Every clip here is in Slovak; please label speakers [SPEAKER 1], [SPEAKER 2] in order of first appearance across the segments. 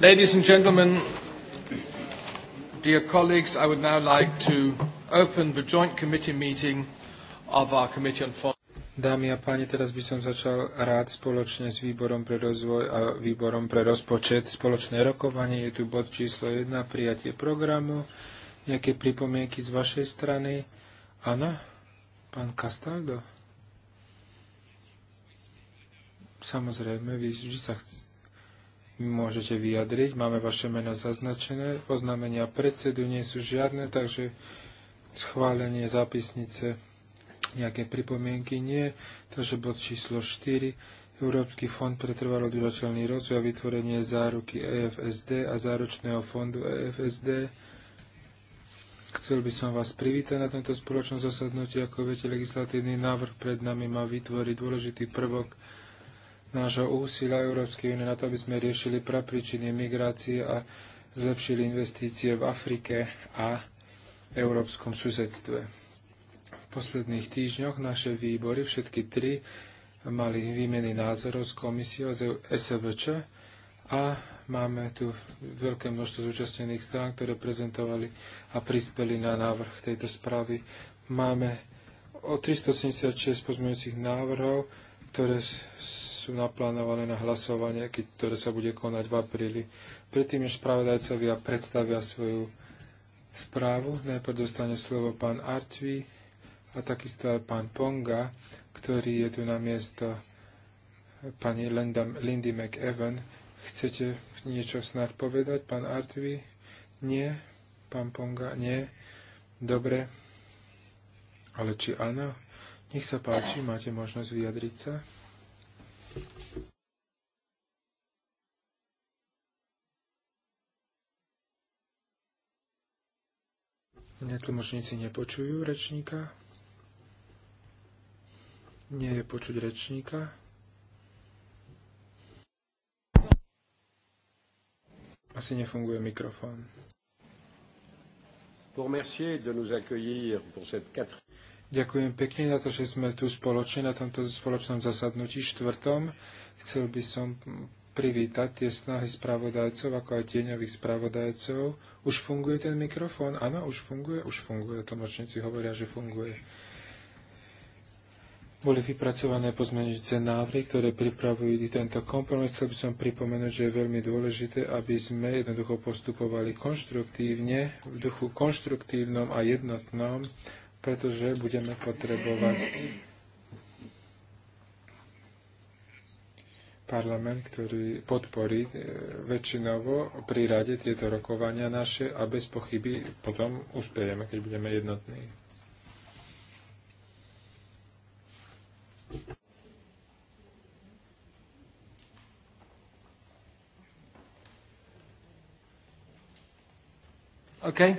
[SPEAKER 1] Ladies and gentlemen, dear colleagues, I would now like to open the joint committee meeting of our Committee on Foreign Dámy a páni, teraz by som začal rád spoločne s výborom pre rozvoj a výborom pre rozpočet spoločné rokovanie. Je tu bod číslo 1, prijatie programu. Nejaké pripomienky z vašej strany? Áno? Pán Castaldo? Samozrejme, vy vždy sa chcete môžete vyjadriť. Máme vaše meno zaznačené. Oznámenia predsedu nie sú žiadne, takže schválenie zápisnice nejaké pripomienky nie. Takže bod číslo 4. Európsky fond pre trvalo rozvoj a vytvorenie záruky EFSD a záručného fondu EFSD. Chcel by som vás privítať na tento spoločnom zasadnutí. Ako viete, legislatívny návrh pred nami má vytvoriť dôležitý prvok nášho úsilia Európskej únie na to, aby sme riešili prapríčiny migrácie a zlepšili investície v Afrike a európskom susedstve. V posledných týždňoch naše výbory, všetky tri, mali výmeny názorov s komisiou z SVČ a máme tu veľké množstvo zúčastnených strán, ktoré prezentovali a prispeli na návrh tejto správy. Máme o 376 pozmeňujúcich návrhov, ktoré sú naplánované na hlasovanie, ktoré sa bude konať v apríli. Predtým, než spravodajcovia predstavia svoju správu, najprv dostane slovo pán Artvi a takisto aj pán Ponga, ktorý je tu na miesto pani Linda, Lindy McEwan. Chcete niečo snad povedať, pán Artvi? Nie? Pán Ponga? Nie? Dobre. Ale či áno? Nech sa páči, máte možnosť vyjadriť sa. Netlmočníci nepočujú rečníka. Nie je počuť rečníka. Asi nefunguje mikrofón. Pour de nous accueillir pour cette quatrième. Ďakujem pekne za to, že sme tu spoločne na tomto spoločnom zasadnutí štvrtom. Chcel by som privítať tie snahy spravodajcov, ako aj tieňových spravodajcov. Už funguje ten mikrofón? Áno, už funguje? Už funguje. Tlmočníci hovoria, že funguje. Boli vypracované pozmeňujúce návrhy, ktoré pripravujú tento kompromis. Chcel by som pripomenúť, že je veľmi dôležité, aby sme jednoducho postupovali konštruktívne, v duchu konštruktívnom a jednotnom pretože budeme potrebovať parlament, ktorý podporí e, väčšinovo pri rade tieto rokovania naše a bez pochyby potom uspejeme, keď budeme jednotní. Okay.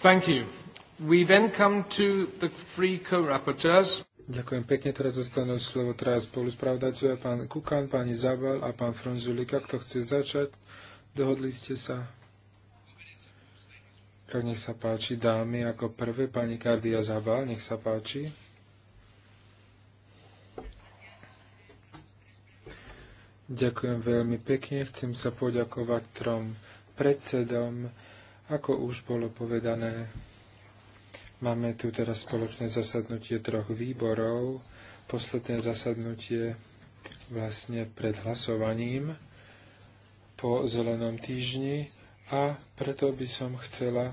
[SPEAKER 1] Thank you. We then come to the three co-rapporteurs. Ďakujem pekne, teraz zostanú slovo teraz spoluspravdajcovia, pán Kukan, pani Zabel a pán Fronzulika. Kto chce začať? Dohodli ste sa? Tak nech sa páči, dámy, ako prvé, pani Kardia Zabal, nech sa páči. Ďakujem veľmi pekne, chcem sa poďakovať trom predsedom, ako už bolo povedané Máme tu teraz spoločné zasadnutie troch výborov. Posledné zasadnutie vlastne pred hlasovaním po zelenom týždni a preto by som chcela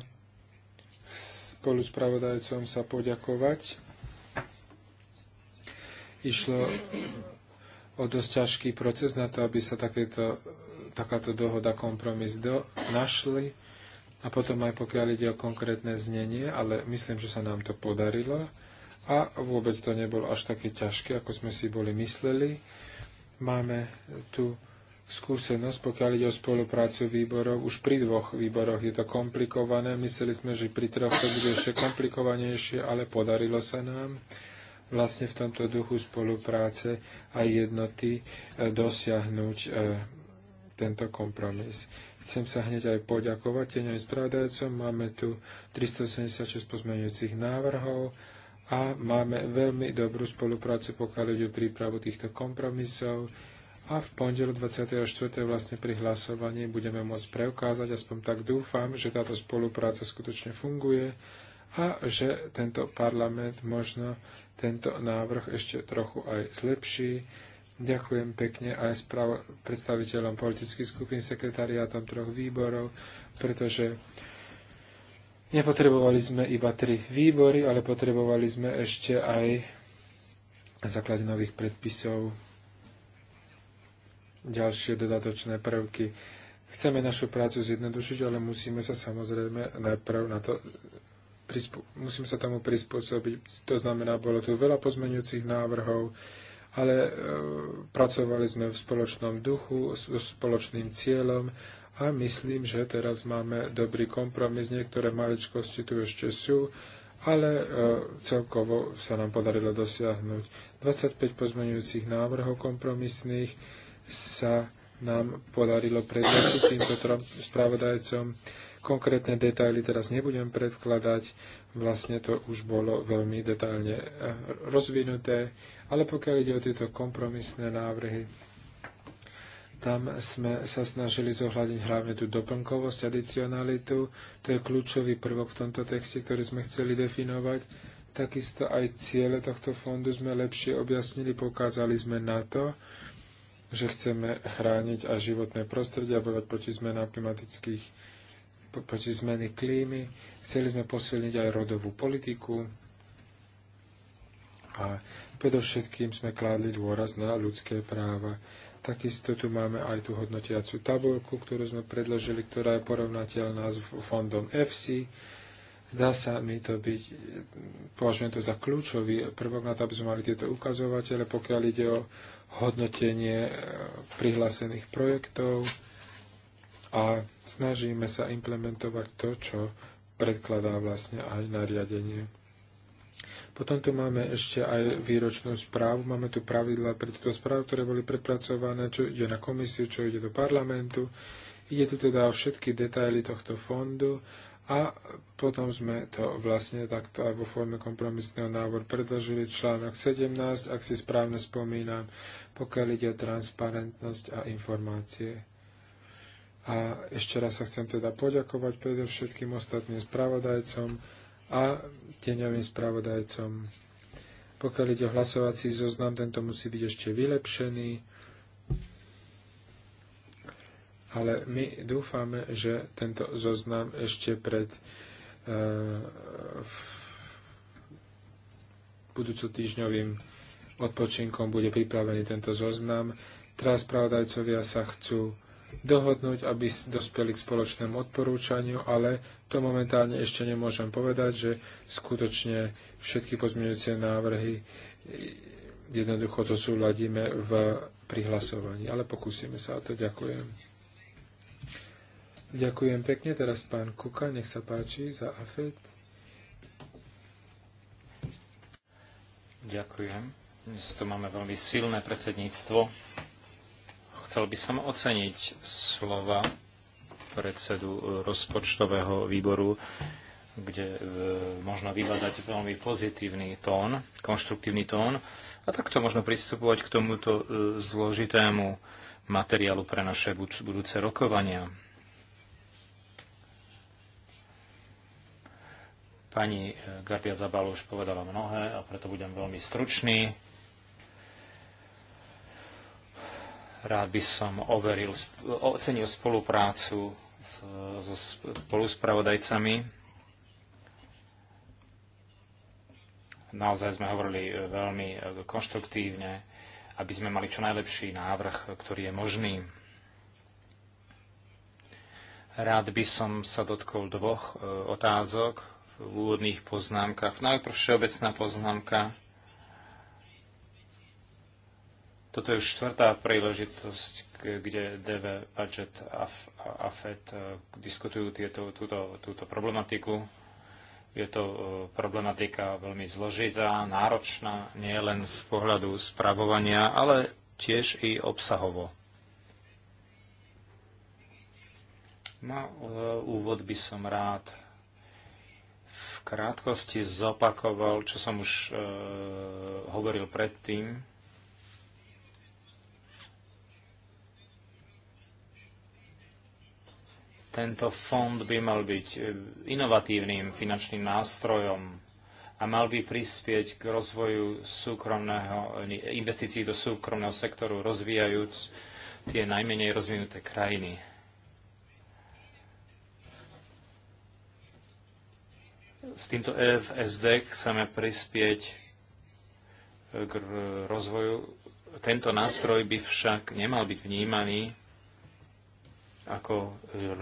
[SPEAKER 1] spolu s pravodajcom sa poďakovať. Išlo o dosť ťažký proces na to, aby sa takéto, takáto dohoda, kompromis do, našli a potom aj pokiaľ ide o konkrétne znenie, ale myslím, že sa nám to podarilo a vôbec to nebolo až také ťažké, ako sme si boli mysleli. Máme tu skúsenosť, pokiaľ ide o spoluprácu výborov. Už pri dvoch výboroch je to komplikované. Mysleli sme, že pri troch to bude ešte komplikovanejšie, ale podarilo sa nám vlastne v tomto duchu spolupráce a jednoty eh, dosiahnuť eh, tento kompromis. Chcem sa hneď aj poďakovať tieňovým spravodajcom. Máme tu 376 pozmeňujúcich návrhov a máme veľmi dobrú spoluprácu, pokiaľ ide o prípravu týchto kompromisov. A v pondelu 24. vlastne pri hlasovaní budeme môcť preukázať, aspoň tak dúfam, že táto spolupráca skutočne funguje a že tento parlament možno tento návrh ešte trochu aj zlepší Ďakujem pekne aj sprav- predstaviteľom politických skupín, sekretariátom troch výborov, pretože nepotrebovali sme iba tri výbory, ale potrebovali sme ešte aj základe nových predpisov ďalšie dodatočné prvky. Chceme našu prácu zjednodušiť, ale musíme sa samozrejme najprv na to musím sa tomu prispôsobiť. To znamená, bolo tu veľa pozmeňujúcich návrhov, ale e, pracovali sme v spoločnom duchu, s spoločným cieľom a myslím, že teraz máme dobrý kompromis. Niektoré maličkosti tu ešte sú, ale e, celkovo sa nám podarilo dosiahnuť 25 pozmeňujúcich návrhov kompromisných sa nám podarilo predložiť týmto trom spravodajcom. Konkrétne detaily teraz nebudem predkladať, vlastne to už bolo veľmi detailne eh, rozvinuté, ale pokiaľ ide o tieto kompromisné návrhy, tam sme sa snažili zohľadiť hlavne tú doplnkovosť, adicionalitu, to je kľúčový prvok v tomto texte, ktorý sme chceli definovať. Takisto aj ciele tohto fondu sme lepšie objasnili, pokázali sme na to, že chceme chrániť aj životné prostredie a bojovať proti zmenám klimatických proti zmeny klímy, chceli sme posilniť aj rodovú politiku a predovšetkým sme kládli dôraz na ľudské práva. Takisto tu máme aj tú hodnotiacu tabulku, ktorú sme predložili, ktorá je porovnateľná s fondom EFSI. Zdá sa mi to byť, považujem to za kľúčový prvok na to, aby sme mali tieto ukazovatele, pokiaľ ide o hodnotenie eh, prihlásených projektov a snažíme sa implementovať to, čo predkladá vlastne aj nariadenie. Potom tu máme ešte aj výročnú správu. Máme tu pravidla pre túto správu, ktoré boli prepracované, čo ide na komisiu, čo ide do parlamentu. Ide tu teda o všetky detaily tohto fondu a potom sme to vlastne takto aj vo forme kompromisného návrhu predložili článok 17, ak si správne spomínam, pokiaľ ide o transparentnosť a informácie. A ešte raz sa chcem teda poďakovať predovšetkým ostatným spravodajcom a tieňovým spravodajcom. Pokiaľ ide o hlasovací zoznam, tento musí byť ešte vylepšený, ale my dúfame, že tento zoznam ešte pred e, budúco týždňovým odpočinkom bude pripravený tento zoznam. Teraz spravodajcovia sa chcú dohodnúť, aby dospeli k spoločnému odporúčaniu, ale to momentálne ešte nemôžem povedať, že skutočne všetky pozmeňujúce návrhy jednoducho zosúladíme v prihlasovaní, ale pokúsime sa o to. Ďakujem. Ďakujem pekne. Teraz pán Kuka, nech sa páči za afet.
[SPEAKER 2] Ďakujem. Dnes tu máme veľmi silné predsedníctvo Chcel by som oceniť slova predsedu rozpočtového výboru, kde e, možno vyhľadať veľmi pozitívny tón, konštruktívny tón a takto možno pristupovať k tomuto e, zložitému materiálu pre naše budúce rokovania. Pani e, Gardia Zabal už povedala mnohé a preto budem veľmi stručný. Rád by som overil, ocenil spoluprácu so spoluspravodajcami. Naozaj sme hovorili e, veľmi e, konštruktívne, aby sme mali čo najlepší návrh, ktorý je možný. Rád by som sa dotkol dvoch e, otázok v úvodných poznámkach. Najprv všeobecná poznámka Toto je už štvrtá príležitosť, kde DV, budget a AFED e, diskutujú tieto, túto, túto problematiku. Je to e, problematika veľmi zložitá, náročná, nie len z pohľadu spravovania, ale tiež i obsahovo. Na no, e, úvod by som rád v krátkosti zopakoval, čo som už e, hovoril predtým. Tento fond by mal byť e, inovatívnym finančným nástrojom a mal by prispieť k rozvoju súkromného, e, investícií do súkromného sektoru, rozvíjajúc tie najmenej rozvinuté krajiny. S týmto EFSD chceme prispieť e, k rozvoju. Tento nástroj by však nemal byť vnímaný ako e,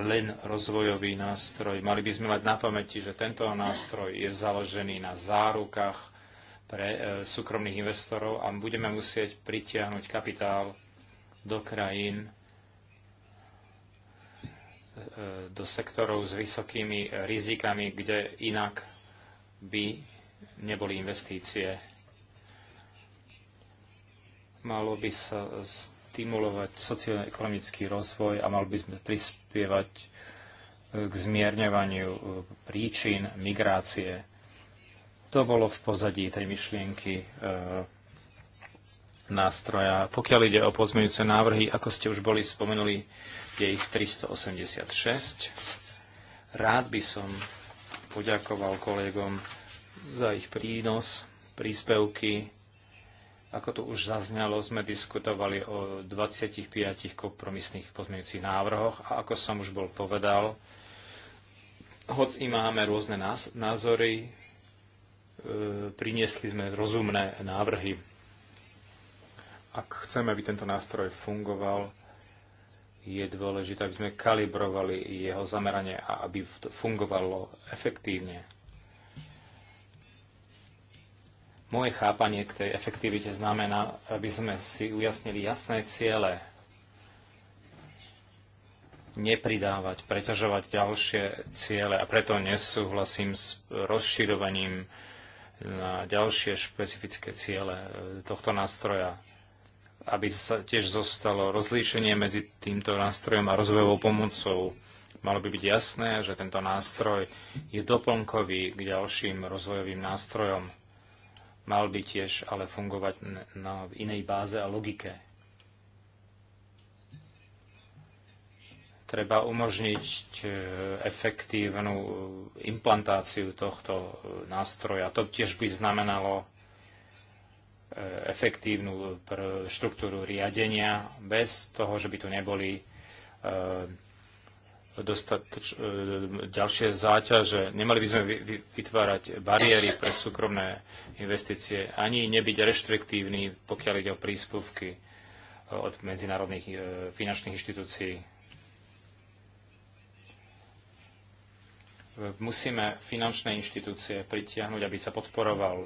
[SPEAKER 2] len rozvojový nástroj. Mali by sme mať na pamäti, že tento nástroj je založený na zárukách pre e, súkromných investorov a budeme musieť pritiahnuť kapitál do krajín, e, do sektorov s vysokými rizikami, kde inak by neboli investície. Malo by sa stimulovať socioekonomický rozvoj a mal by sme prispievať e, k zmierňovaniu e, príčin migrácie. To bolo v pozadí tej myšlienky e, nástroja. Pokiaľ ide o pozmeňujúce návrhy, ako ste už boli spomenuli, je ich 386. Rád by som poďakoval kolegom za ich prínos, príspevky, ako tu už zaznelo, sme diskutovali o 25 kompromisných pozmeňujúcich návrhoch a ako som už bol povedal, hoc i máme rôzne názory, e, priniesli sme rozumné návrhy. Ak chceme, aby tento nástroj fungoval, je dôležité, aby sme kalibrovali jeho zameranie a aby fungovalo efektívne. Moje chápanie k tej efektivite znamená, aby sme si ujasnili jasné ciele, nepridávať, preťažovať ďalšie ciele a preto nesúhlasím s rozširovaním na ďalšie špecifické ciele e, tohto nástroja, aby sa tiež zostalo rozlíšenie medzi týmto nástrojom a rozvojovou pomocou. Malo by byť jasné, že tento nástroj je doplnkový k ďalším rozvojovým nástrojom mal by tiež ale fungovať na inej báze a logike. Treba umožniť e, efektívnu e, implantáciu tohto e, nástroja. To tiež by znamenalo efektívnu štruktúru riadenia bez toho, že by tu neboli dostatoč, e, ďalšie záťaže. Nemali by sme vytvárať bariéry pre súkromné investície, ani nebyť reštriktívni, pokiaľ ide o príspevky e, od medzinárodných e, finančných inštitúcií. Musíme finančné inštitúcie pritiahnuť, aby sa podporoval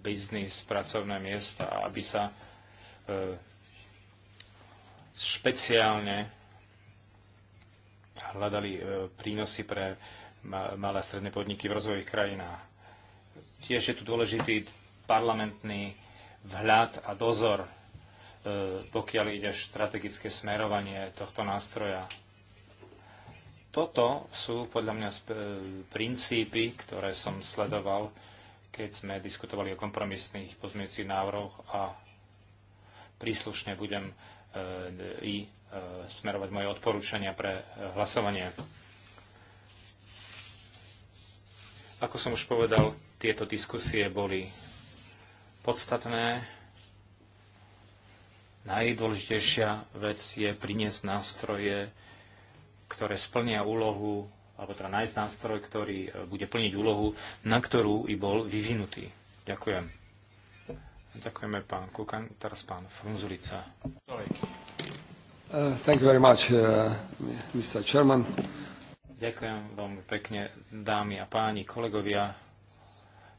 [SPEAKER 2] biznis, pracovné miesta, aby sa špeciálne hľadali e, prínosy pre malé a stredné podniky v rozvojových krajinách. Tiež je tu dôležitý parlamentný vhľad a dozor, e, pokiaľ ide strategické smerovanie tohto nástroja. Toto sú podľa mňa e, princípy, ktoré som sledoval, keď sme diskutovali o kompromisných pozmeňujúcich návrhoch a príslušne budem i E, smerovať moje odporúčania pre e, hlasovanie. Ako som už povedal, tieto diskusie boli podstatné. Najdôležitejšia vec je priniesť nástroje, ktoré splnia úlohu, alebo teda nájsť nástroj, ktorý e, bude plniť úlohu, na ktorú i bol vyvinutý. Ďakujem. Ďakujeme pán Kukan, teraz pán Frunzulica.
[SPEAKER 1] Uh, thank you very much, uh, Mr. Chairman.
[SPEAKER 2] Ďakujem veľmi pekne, dámy a páni, kolegovia.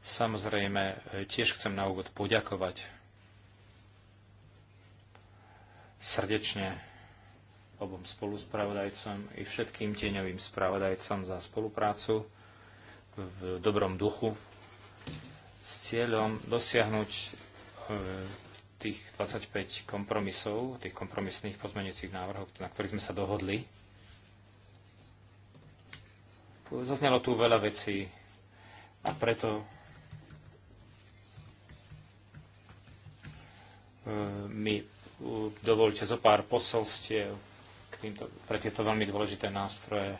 [SPEAKER 2] Samozrejme, e, tiež chcem na úvod poďakovať srdečne obom spoluspravodajcom i všetkým tieňovým spravodajcom za spoluprácu v dobrom duchu s cieľom dosiahnuť e, tých 25 kompromisov, tých kompromisných pozmeňujúcich návrhov, na ktorých sme sa dohodli. Zaznelo tu veľa vecí a preto e, mi dovolte zo pár posolstiev k týmto, pre tieto veľmi dôležité nástroje,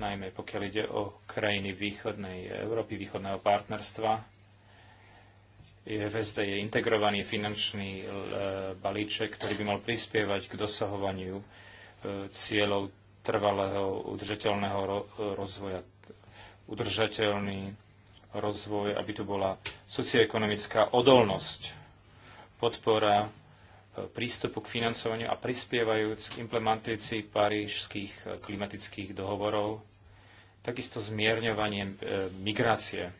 [SPEAKER 2] najmä pokiaľ ide o krajiny východnej Európy, východného partnerstva EFSD je integrovaný finančný e, balíček, ktorý by mal prispievať k dosahovaniu e, cieľov trvalého udržateľného e, rozvoja. Udržateľný rozvoj, aby tu bola socioekonomická odolnosť, podpora prístupu k financovaniu a prispievajúc k implementácii parížských klimatických dohovorov, takisto zmierňovanie migrácie.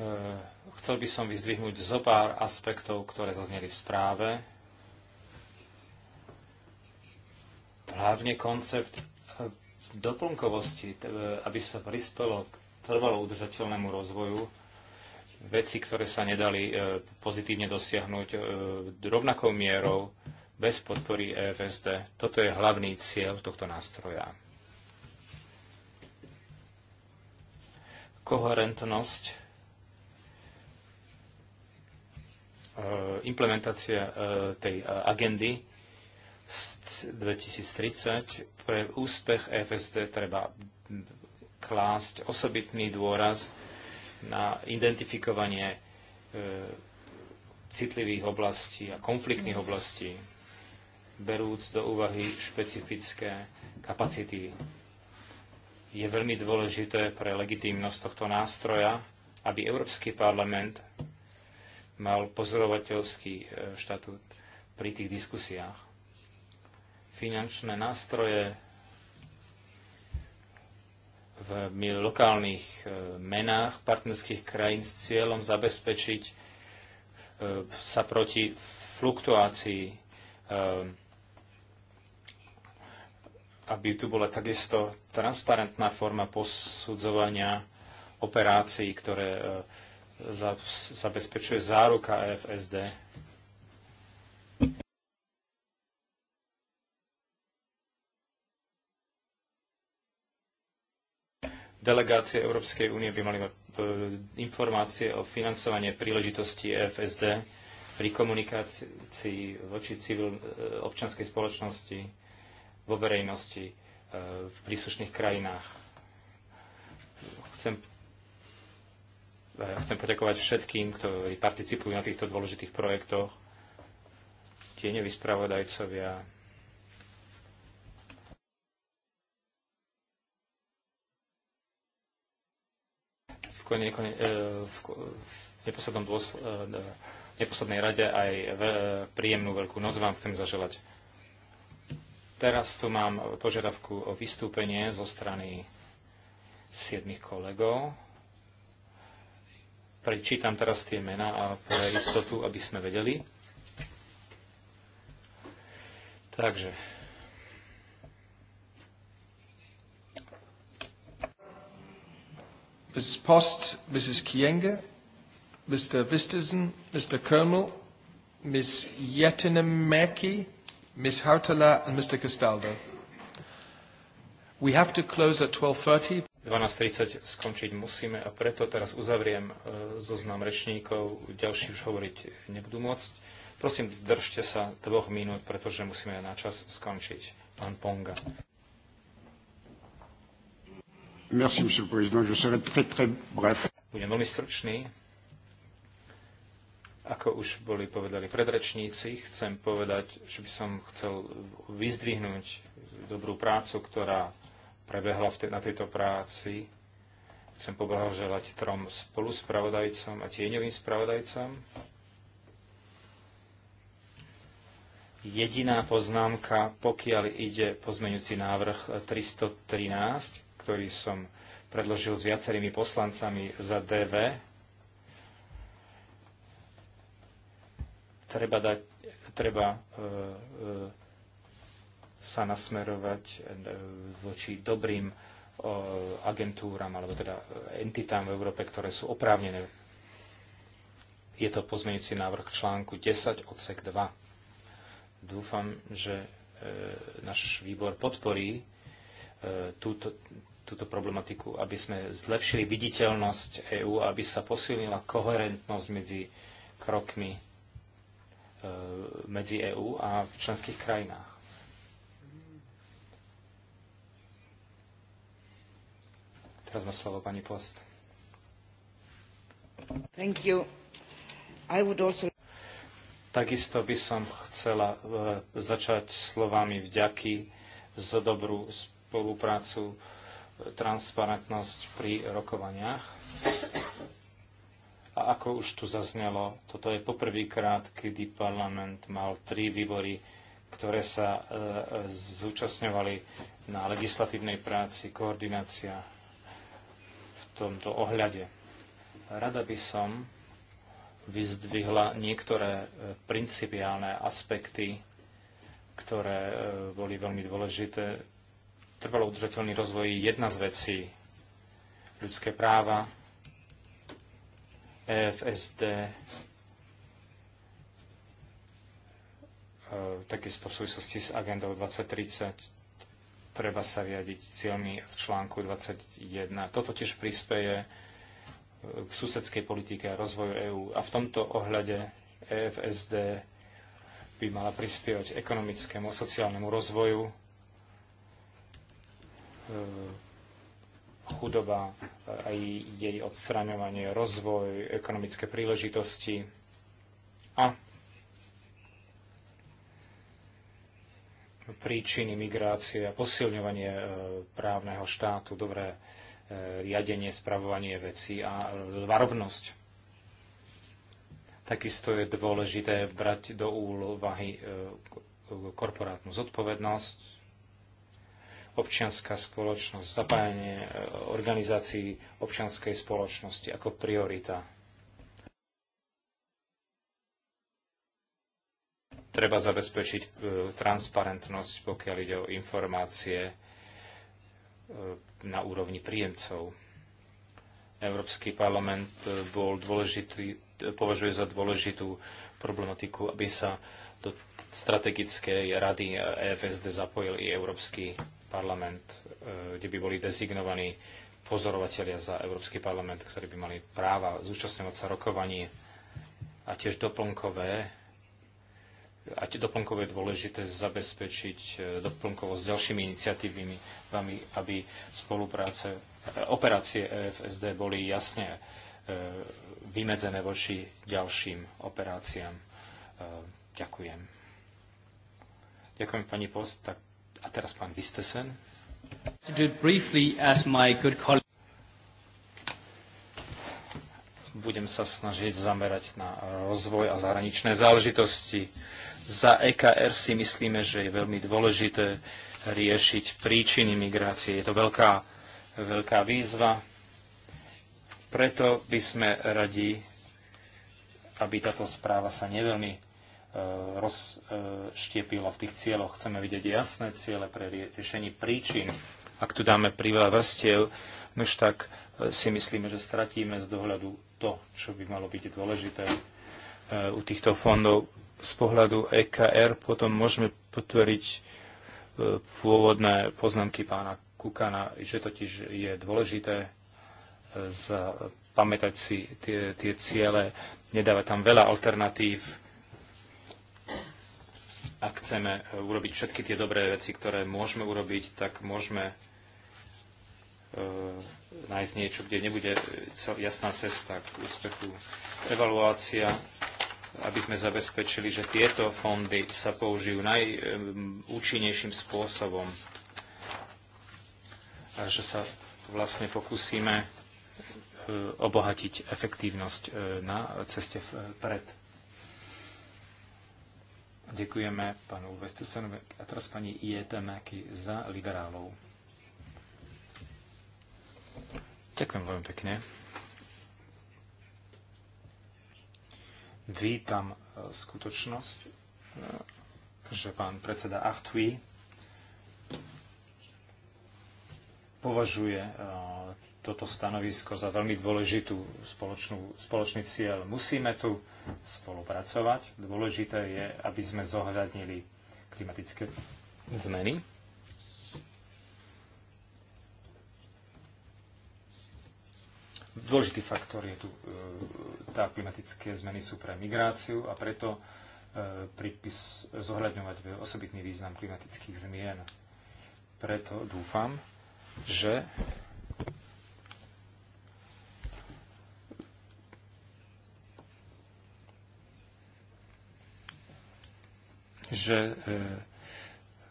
[SPEAKER 2] Eh, chcel by som vyzdvihnúť zo pár aspektov, ktoré zazneli v správe. Hlavne koncept eh, doplnkovosti, eh, aby sa prispelo k trvalo udržateľnému rozvoju, veci, ktoré sa nedali pozitívne dosiahnuť rovnakou mierou bez podpory EFSD. Toto je hlavný cieľ tohto nástroja. Koherentnosť Eh, implementácia eh, tej eh, agendy 2030 pre úspech EFSD treba klásť osobitný dôraz na identifikovanie citlivých oblastí a konfliktných oblastí, berúc do úvahy špecifické kapacity. Je veľmi dôležité pre legitímnosť tohto nástroja, aby Európsky parlament mal pozorovateľský e, štatút pri tých diskusiách. Finančné nástroje v lokálnych e, menách partnerských krajín s cieľom zabezpečiť e, sa proti fluktuácii, aby tu bola takisto transparentná forma posudzovania operácií, ktoré zabezpečuje záruka EFSD. Delegácie Európskej únie by mali mať e, informácie o financovanie príležitosti EFSD pri komunikácii voči civil, e, občanskej spoločnosti vo verejnosti e, v príslušných krajinách. Chcem chcem poďakovať všetkým, ktorí participujú na týchto dôležitých projektoch, tieňoví spravodajcovia, v, kone, kone, e, v, v neposlednom dôsl, v e, neposlednej rade aj v, príjemnú veľkú noc vám chcem zaželať. Teraz tu mám požiadavku o vystúpenie zo strany siedmých kolegov. Prečítam teraz tie mená a pre istotu, aby sme vedeli. Takže.
[SPEAKER 1] Mrs. Post, Mrs. Kienge, Mr. Vistesen, Mr. Kernel, Ms. Yetinemäki, Ms. Hautala and Mr. Castaldo. We have to close at 12.30.
[SPEAKER 2] 12.30 skončiť musíme a preto teraz uzavriem e, zoznam rečníkov, ďalší už hovoriť nebudú môcť. Prosím, držte sa dvoch minút, pretože musíme na čas skončiť. Pán Ponga.
[SPEAKER 1] Merci, monsieur le président. Je serai très, très bref.
[SPEAKER 2] Budem veľmi stručný. Ako už boli povedali predrečníci, chcem povedať, že by som chcel vyzdvihnúť dobrú prácu, ktorá prebehla v te, na tejto práci. Chcem poblahoželať trom spoluspravodajcom a tieňovým spravodajcom. Jediná poznámka, pokiaľ ide pozmeňujúci návrh 313, ktorý som predložil s viacerými poslancami za DV, treba dať treba e, e, sa nasmerovať eh, voči dobrým eh, agentúram alebo teda eh, entitám v Európe, ktoré sú oprávnené. Je to pozmeňujúci návrh článku 10 odsek 2. Dúfam, že náš výbor podporí túto, túto problematiku, aby sme zlepšili viditeľnosť EÚ, aby sa posilnila koherentnosť medzi krokmi medzi EÚ a v členských krajinách. Teraz má slovo pani Post.
[SPEAKER 3] Thank you. I would also...
[SPEAKER 2] Takisto by som chcela e, začať slovami vďaky za dobrú spoluprácu, e, transparentnosť pri rokovaniach. A ako už tu zaznelo, toto je poprvýkrát, kedy parlament mal tri výbory, ktoré sa e, zúčastňovali na legislatívnej práci, koordinácia tomto ohľade. Rada by som vyzdvihla niektoré e, principiálne aspekty, ktoré e, boli veľmi dôležité. Trvalo udržateľný rozvoj je jedna z vecí. Ľudské práva, EFSD, e, takisto v súvislosti s agendou 2030, treba sa riadiť cieľmi v článku 21. Toto tiež prispieje eh, k susedskej politike a rozvoju EÚ. A v tomto ohľade EFSD by mala prispievať ekonomickému a sociálnemu rozvoju. Eh, chudoba eh, a jej odstraňovanie, rozvoj, ekonomické príležitosti a príčiny migrácie a posilňovanie e, právneho štátu, dobré e, riadenie, spravovanie vecí a e, varovnosť. Takisto je dôležité brať do úvahy korporátnu zodpovednosť, občianská spoločnosť, zapájanie organizácií občianskej spoločnosti ako priorita Treba zabezpečiť e, transparentnosť, pokiaľ ide o informácie e, na úrovni príjemcov. Európsky parlament e, bol dôležitý, považuje za dôležitú problematiku, aby sa do strategickej rady EFSD zapojil i Európsky parlament, kde by boli dezignovaní pozorovatelia za Európsky parlament, ktorí by mali práva zúčastňovať sa rokovaní a tiež doplnkové a doplnkové je dôležité zabezpečiť e, doplnkovo s ďalšími iniciatívami, aby spolupráce, e, operácie EFSD boli jasne e, vymedzené voči ďalším operáciám. Ďakujem. Ďakujem pani Post. Tak, a teraz pán Vistesen. Budem sa snažiť zamerať na rozvoj a zahraničné záležitosti za EKR si myslíme, že je veľmi dôležité riešiť príčiny migrácie. Je to veľká, veľká výzva. Preto by sme radi, aby táto správa sa neveľmi e, rozštiepila e, v tých cieľoch. Chceme vidieť jasné ciele pre riešenie príčin. Ak tu dáme priveľa vrstiev, no už tak e, si myslíme, že stratíme z dohľadu to, čo by malo byť dôležité u týchto fondov z pohľadu EKR potom môžeme potvoriť e, pôvodné poznámky pána Kukana, že totiž je dôležité e, pamätať si tie, tie ciele, nedávať tam veľa alternatív, ak chceme e, urobiť všetky tie dobré veci, ktoré môžeme urobiť, tak môžeme e, nájsť niečo, kde nebude jasná cesta k úspechu. Evaluácia aby sme zabezpečili, že tieto fondy sa použijú najúčinnejším spôsobom a že sa vlastne pokúsime e, obohatiť efektívnosť e, na ceste e, vpred. Ďakujeme panu Vestesenovi a teraz pani Iete Maky za liberálov. Ďakujem veľmi pekne. Vítam e, skutočnosť, e, že pán predseda Achtui považuje e, toto stanovisko za veľmi dôležitú spoločnú, spoločný cieľ. Musíme tu spolupracovať. Dôležité je, aby sme zohľadnili klimatické zmeny Dôležitý faktor je tu, e, tá klimatické zmeny sú pre migráciu a preto e, pripis zohľadňovať osobitný význam klimatických zmien. Preto dúfam, že že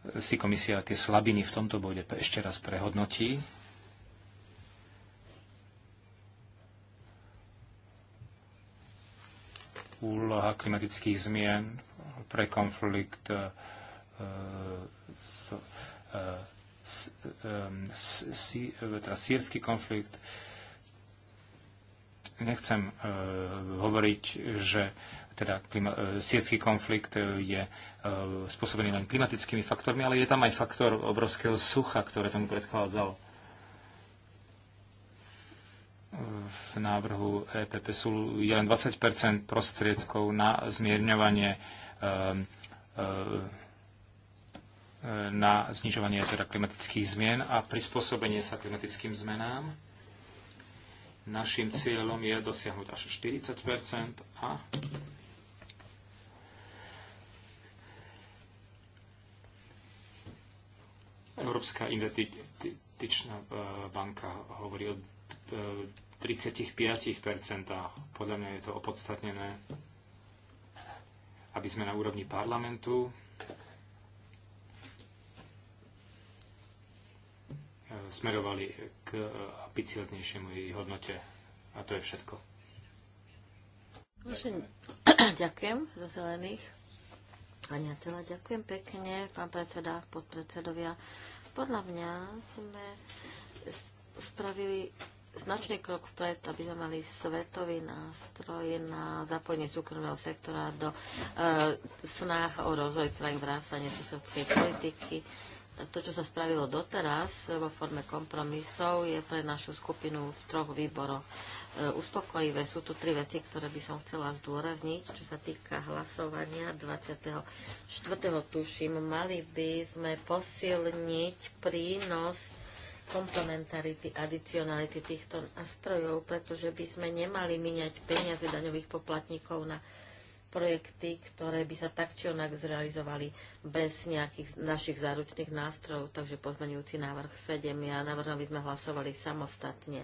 [SPEAKER 2] e, si komisia tie slabiny v tomto bode ešte raz prehodnotí úloha klimatických zmien pre konflikt e, e, s, e, teda sírsky konflikt. Nechcem e, hovoriť, že teda klima, sírsky konflikt je e, spôsobený len klimatickými faktormi, ale je tam aj faktor obrovského sucha, ktoré tomu predchádzalo v návrhu EPP sú je len 20 prostriedkov na zmierňovanie ehm, ehm, na znižovanie teda klimatických zmien a prispôsobenie sa klimatickým zmenám. Našim cieľom je dosiahnuť až 40 a Európska investičná eh, banka hovorí o eh, 35%. Podľa mňa je to opodstatnené, aby sme na úrovni parlamentu e, smerovali k ambicioznejšiemu jej hodnote. A to je všetko.
[SPEAKER 3] Ďakujem, ďakujem za zelených. Ania ďakujem pekne, pán predseda, podpredsedovia. Podľa mňa sme spravili značný krok vpred, aby sme mali svetový nástroj na zapojenie súkromného sektora do e, snách o rozvoj krajín vrátane susedskej politiky. To, čo sa spravilo doteraz vo forme kompromisov, je pre našu skupinu v troch výboroch e, uspokojivé. Sú tu tri veci, ktoré by som chcela zdôrazniť, čo sa týka hlasovania 24. tuším. Mali by sme posilniť prínos komplementarity, adicionality týchto nástrojov, pretože by sme nemali miniať peniaze daňových poplatníkov na projekty, ktoré by sa tak či onak zrealizovali bez nejakých našich záručných nástrojov, takže pozmenujúci návrh 7. Ja navrhujem, aby sme hlasovali samostatne.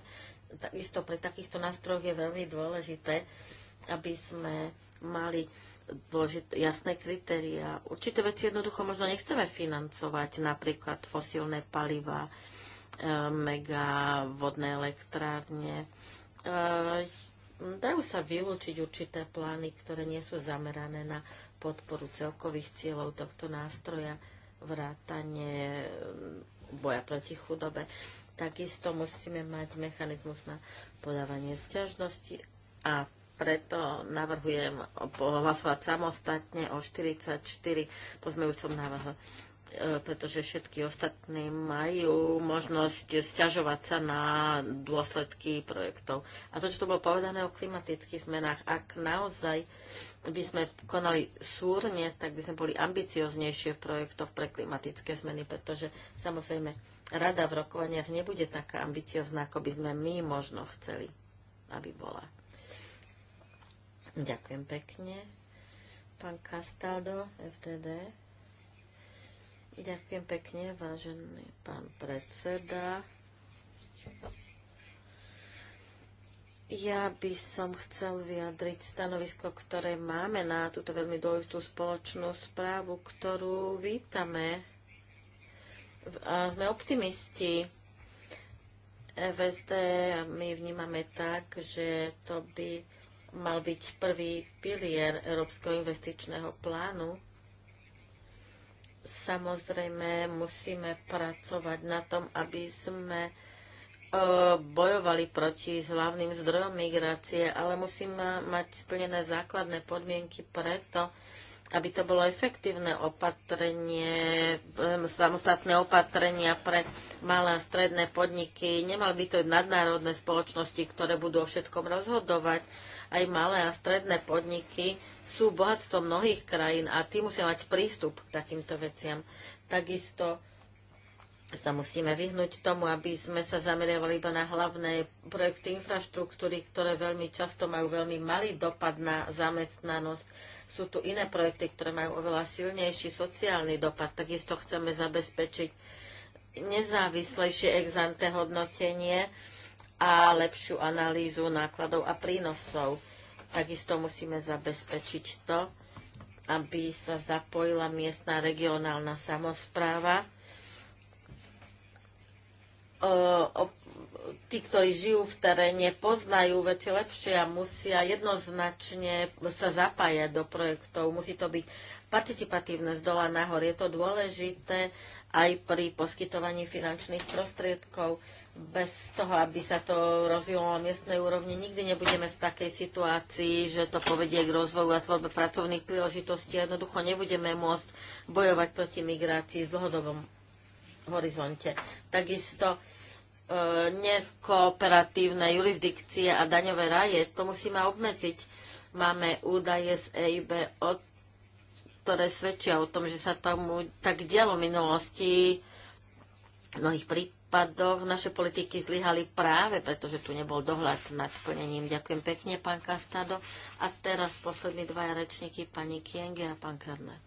[SPEAKER 3] Takisto pre takýchto nástrojov je veľmi dôležité, aby sme mali dôležité, jasné kritéria. Určité veci jednoducho možno nechceme financovať, napríklad fosílne paliva, mega vodné elektrárne. E, dajú sa vylúčiť určité plány, ktoré nie sú zamerané na podporu celkových cieľov tohto nástroja, vrátanie e, boja proti chudobe. Takisto musíme mať mechanizmus na podávanie sťažnosti a preto navrhujem hlasovať samostatne o 44 pozmejúcom návrhu E, pretože všetky ostatní majú možnosť sťažovať sa na dôsledky projektov. A to, čo tu bolo povedané o klimatických zmenách, ak naozaj by sme konali súrne, tak by sme boli ambicioznejšie v projektoch pre klimatické zmeny, pretože samozrejme rada v rokovaniach nebude taká ambiciozná, ako by sme my možno chceli, aby bola. Ďakujem pekne. Pán Castaldo, FTD. Ďakujem pekne, vážený pán predseda. Ja by som chcel vyjadriť stanovisko, ktoré máme na túto veľmi dôležitú spoločnú správu, ktorú vítame. A sme optimisti. FSD my vnímame tak, že to by mal byť prvý pilier Európskeho investičného plánu Samozrejme, musíme pracovať na tom, aby sme e, bojovali proti hlavným zdrojom migrácie, ale musíme mať splnené základné podmienky preto, aby to bolo efektívne opatrenie, samostatné opatrenia pre malé a stredné podniky. Nemal by to nadnárodné spoločnosti, ktoré budú o všetkom rozhodovať aj malé a stredné podniky sú bohatstvo mnohých krajín a tí musia mať prístup k takýmto veciam. Takisto sa musíme vyhnúť tomu, aby sme sa zameriavali iba na hlavné projekty infraštruktúry, ktoré veľmi často majú veľmi malý dopad na zamestnanosť. Sú tu iné projekty, ktoré majú oveľa silnejší sociálny dopad. Takisto chceme zabezpečiť nezávislejšie exante hodnotenie a lepšiu analýzu nákladov a prínosov. Takisto musíme zabezpečiť to, aby sa zapojila miestna regionálna samozpráva. Tí, ktorí žijú v teréne, poznajú veci lepšie a musia jednoznačne sa zapájať do projektov. Musí to byť participatívne z dola nahor. Je to dôležité aj pri poskytovaní finančných prostriedkov. Bez toho, aby sa to rozvíjalo na miestnej úrovni, nikdy nebudeme v takej situácii, že to povedie k rozvoju a tvorbe pracovných príležitostí. Jednoducho nebudeme môcť bojovať proti migrácii v dlhodobom horizonte. Takisto e, nekooperatívne jurisdikcie a daňové raje. To musíme obmedziť. Máme údaje z EIB o ktoré svedčia o tom, že sa tomu tak dialo v minulosti. V mnohých prípadoch naše politiky zlyhali práve, pretože tu nebol dohľad nad plnením. Ďakujem pekne, pán Kastado. A teraz poslední dvaja rečníky, pani Kienge a pán Karner.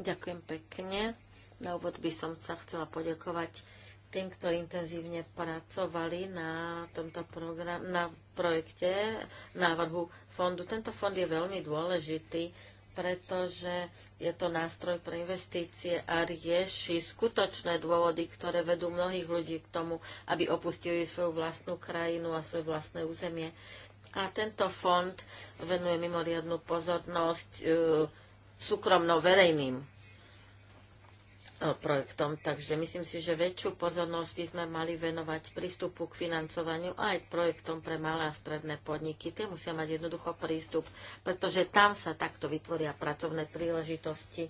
[SPEAKER 3] Ďakujem pekne. Na úvod by som sa chcela poďakovať tým, ktorí intenzívne pracovali na tomto program, na projekte návrhu fondu. Tento fond je veľmi dôležitý, pretože je to nástroj pre investície a rieši skutočné dôvody, ktoré vedú mnohých ľudí k tomu, aby opustili svoju vlastnú krajinu a svoje vlastné územie. A tento fond venuje mimoriadnú pozornosť e, súkromno-verejným E, projektom. Takže myslím si, že väčšiu pozornosť by sme mali venovať prístupu k financovaniu aj projektom pre malé a stredné podniky. Tie musia mať jednoducho prístup, pretože tam sa takto vytvoria pracovné príležitosti.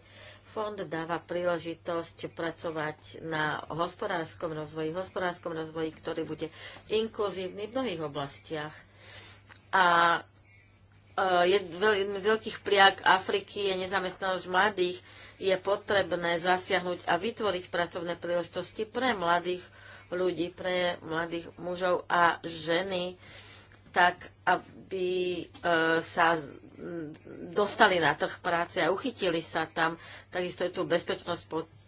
[SPEAKER 3] Fond dáva príležitosť pracovať na hospodárskom rozvoji, hospodárskom rozvoji, ktorý bude inkluzívny v mnohých oblastiach. A Eh, jedným z veľkých priak Afriky je nezamestnanosť mladých. Je potrebné zasiahnuť a vytvoriť pracovné príležitosti pre mladých ľudí, pre mladých mužov a ženy, tak aby eh, sa dostali na trh práce a uchytili sa tam. Takisto je tu bezpečnosť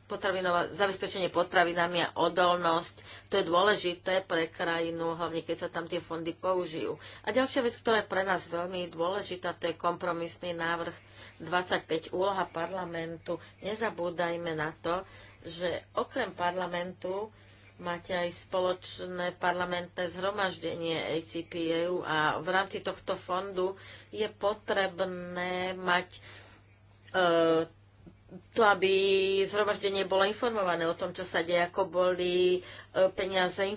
[SPEAKER 3] potravinová, zabezpečenie potravinami a odolnosť. To je dôležité pre krajinu, hlavne keď sa tam tie fondy použijú. A ďalšia vec, ktorá je pre nás veľmi dôležitá, to je kompromisný návrh 25 úloha parlamentu. Nezabúdajme na to, že okrem parlamentu máte aj spoločné parlamentné zhromaždenie ACPEU a v rámci tohto fondu je potrebné mať e, to, aby zhromaždenie bolo informované o tom, čo sa deje, ako boli e, peniaze e,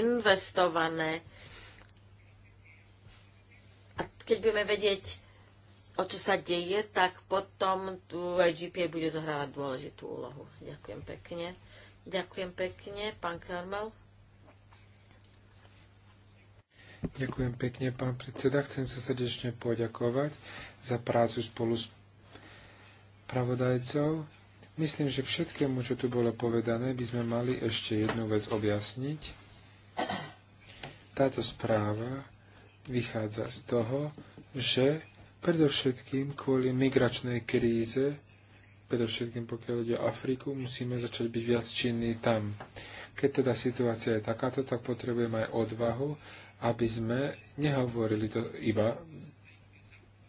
[SPEAKER 3] investované. A keď budeme vedieť, o čo sa deje, tak potom tu aj GPA bude zohrávať dôležitú úlohu. Ďakujem pekne. Ďakujem pekne, pán Karmel.
[SPEAKER 1] Ďakujem pekne, pán predseda. Chcem sa srdečne poďakovať za prácu spolu s pravodajcov. Myslím, že všetkému, čo tu bolo povedané, by sme mali ešte jednu vec objasniť. Táto správa vychádza z toho, že predovšetkým kvôli migračnej kríze, predovšetkým pokiaľ ide o Afriku, musíme začať byť viac činní tam. Keď teda situácia je takáto, tak potrebujeme aj odvahu, aby sme nehovorili to iba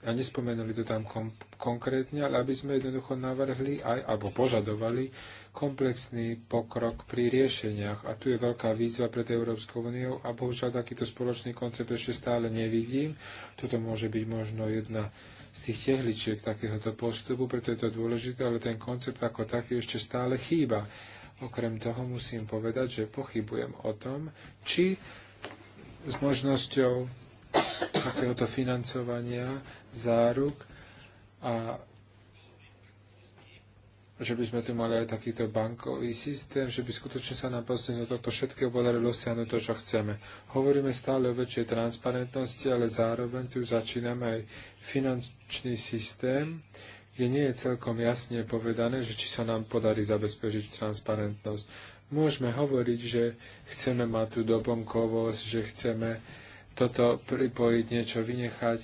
[SPEAKER 1] a nespomenuli to tam kom- konkrétne, ale aby sme jednoducho navrhli aj, alebo požadovali komplexný pokrok pri riešeniach. A tu je veľká výzva pred Európskou úniou a bohužiaľ takýto spoločný koncept ešte stále nevidím. Toto môže byť možno jedna z tých tehličiek takéhoto postupu, preto je to dôležité, ale ten koncept ako taký ešte stále chýba. Okrem toho musím povedať, že pochybujem o tom, či s možnosťou takéhoto financovania záruk a že by sme tu mali aj takýto bankový systém, že by skutočne sa nám do tohto všetkého podarilo dosiahnuť to, čo chceme. Hovoríme stále o väčšej transparentnosti, ale zároveň tu začíname aj finančný systém, kde nie je celkom jasne povedané, že či sa nám podarí zabezpečiť transparentnosť. Môžeme hovoriť, že chceme mať tú dobomkovosť, že chceme toto pripojiť, niečo vynechať,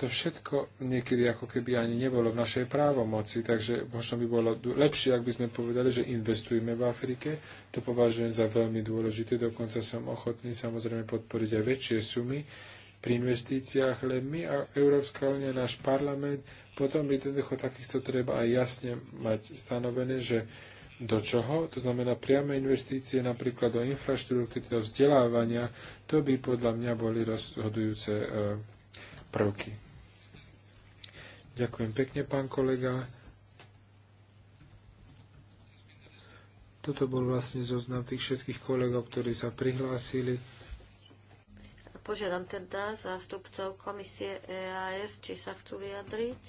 [SPEAKER 1] to všetko niekedy ako keby ani nebolo v našej právomoci, takže možno by bolo lepšie, ak by sme povedali, že investujeme v Afrike. To považujem za veľmi dôležité, dokonca som ochotný samozrejme podporiť aj väčšie sumy pri investíciách, len my a Európska únia, náš parlament, potom jednoducho takisto treba aj jasne mať stanovené, že do čoho, to znamená priame investície napríklad do infraštruktúry, do vzdelávania, to by podľa mňa boli rozhodujúce e, prvky. Ďakujem pekne, pán kolega. Toto bol vlastne zoznam tých všetkých kolegov, ktorí sa prihlásili.
[SPEAKER 3] Požiadam teda zástupcov komisie EAS, či sa chcú vyjadriť.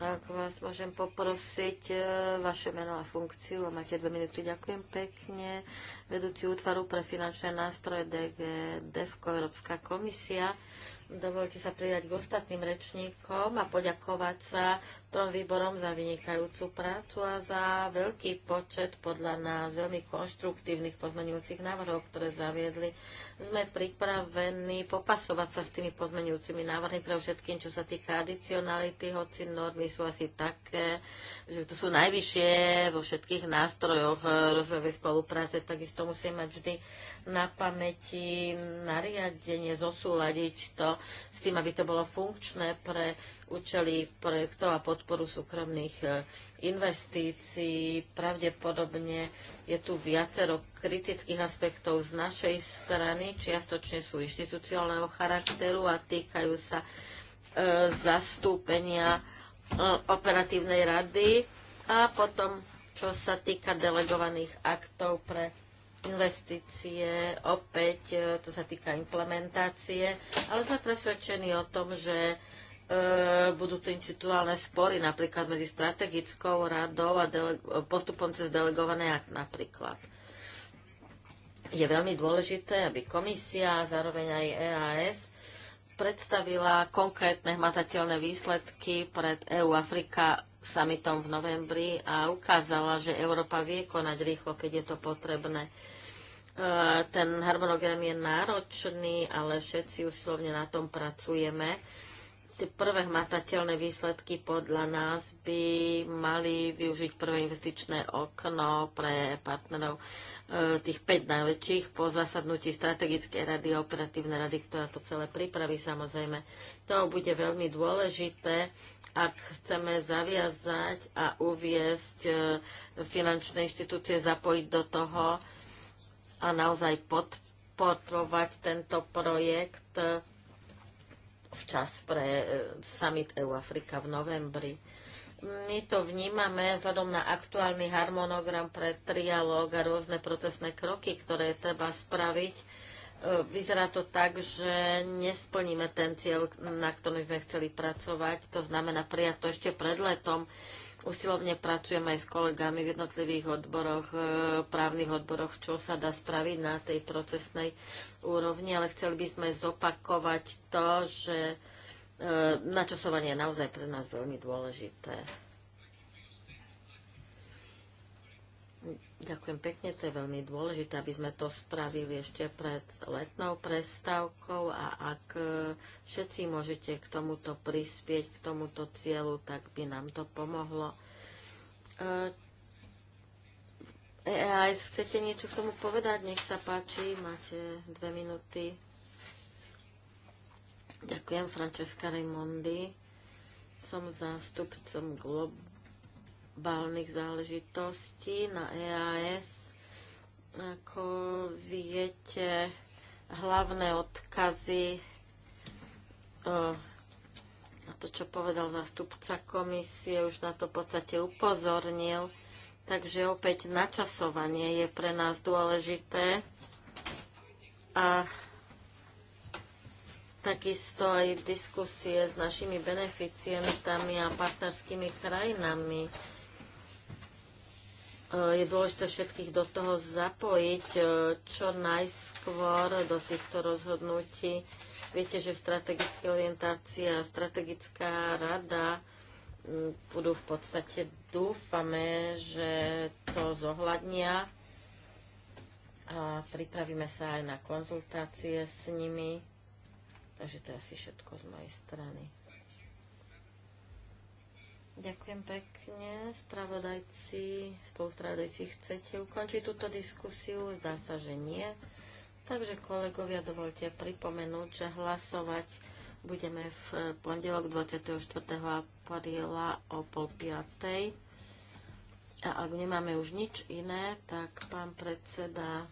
[SPEAKER 3] Ak vás môžem poprosiť e, vaše meno a funkciu, a máte dve minúty. Ďakujem pekne. Vedúci útvaru pre finančné nástroje DG, DEFCO, Európska komisia. Dovolte sa pridať k ostatným rečníkom a poďakovať sa trom výborom za vynikajúcu prácu a za veľký počet podľa nás veľmi konštruktívnych pozmenujúcich návrhov, ktoré zaviedli. Sme pripravení popasovať sa s tými pozmenujúcimi návrhmi pre všetkým, čo sa týka adicionality, hoci normy sú asi také, že to sú najvyššie vo všetkých nástrojoch eh, rozvojovej spolupráce, takisto musíme mať vždy na pamäti nariadenie, zosúľadiť to s tým, aby to bolo funkčné pre účely projektov a podporu súkromných e, investícií. Pravdepodobne je tu viacero kritických aspektov z našej strany, čiastočne sú inštitucionálneho charakteru a týkajú sa e, zastúpenia e, operatívnej rady a potom, čo sa týka delegovaných aktov pre investície, opäť e, to sa týka implementácie, ale sme presvedčení o tom, že e, budú tu instituálne spory napríklad medzi strategickou radou a postupom cez delegované akt napríklad. Je veľmi dôležité, aby komisia a zároveň aj EAS predstavila konkrétne hmatateľné výsledky pred EU Afrika summitom v novembri a ukázala, že Európa vie konať rýchlo, keď je to potrebné. E, ten harmonogram je náročný, ale všetci usilovne na tom pracujeme. Tie prvé hmatateľné výsledky podľa nás by mali využiť prvé investičné okno pre partnerov e, tých 5 najväčších po zasadnutí strategickej rady a operatívnej rady, ktorá to celé pripraví samozrejme. To bude veľmi dôležité ak chceme zaviazať a uviesť e, finančné inštitúcie, zapojiť do toho a naozaj podporovať tento projekt e, včas pre e, summit EU Afrika v novembri. My to vnímame vzhľadom na aktuálny harmonogram pre trialóg a rôzne procesné kroky, ktoré treba spraviť E, vyzerá to tak, že nesplníme ten cieľ, na ktorý sme chceli pracovať. To znamená prijať to ešte pred letom. Usilovne pracujeme aj s kolegami v jednotlivých odboroch, e, právnych odboroch, čo sa dá spraviť na tej procesnej úrovni, ale chceli by sme zopakovať to, že e, načasovanie je naozaj pre nás veľmi dôležité. Ďakujem pekne, to je veľmi dôležité, aby sme to spravili ešte pred letnou prestávkou a ak e, všetci môžete k tomuto prispieť, k tomuto cieľu, tak by nám to pomohlo. EAS, e chcete niečo k tomu povedať? Nech sa páči, máte dve minúty. Ďakujem, Francesca Raimondi. Som zástupcom Global globálnych záležitostí na EAS. Ako viete, hlavné odkazy na to, čo povedal zastupca komisie, už na to v podstate upozornil. Takže opäť načasovanie je pre nás dôležité. A takisto aj diskusie s našimi beneficientami a partnerskými krajinami Eh, je dôležité všetkých do toho zapojiť eh, čo najskôr do týchto rozhodnutí. Viete, že strategické orientácia a strategická rada hm, budú v podstate, dúfame, že to zohľadnia a pripravíme sa aj na konzultácie s nimi. Takže to je asi všetko z mojej strany. Ďakujem pekne. Spravodajci, spolupravodajci, chcete ukončiť túto diskusiu? Zdá sa, že nie. Takže kolegovia, dovolte pripomenúť, že hlasovať budeme v pondelok 24. apríla o pol piatej. A ak nemáme už nič iné, tak pán predseda...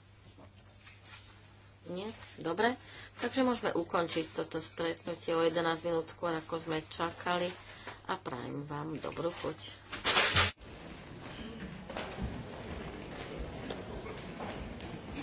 [SPEAKER 3] Nie? Dobre. Takže môžeme ukončiť toto stretnutie o 11 minút skôr, ako sme čakali a prajem vám dobrú chuť.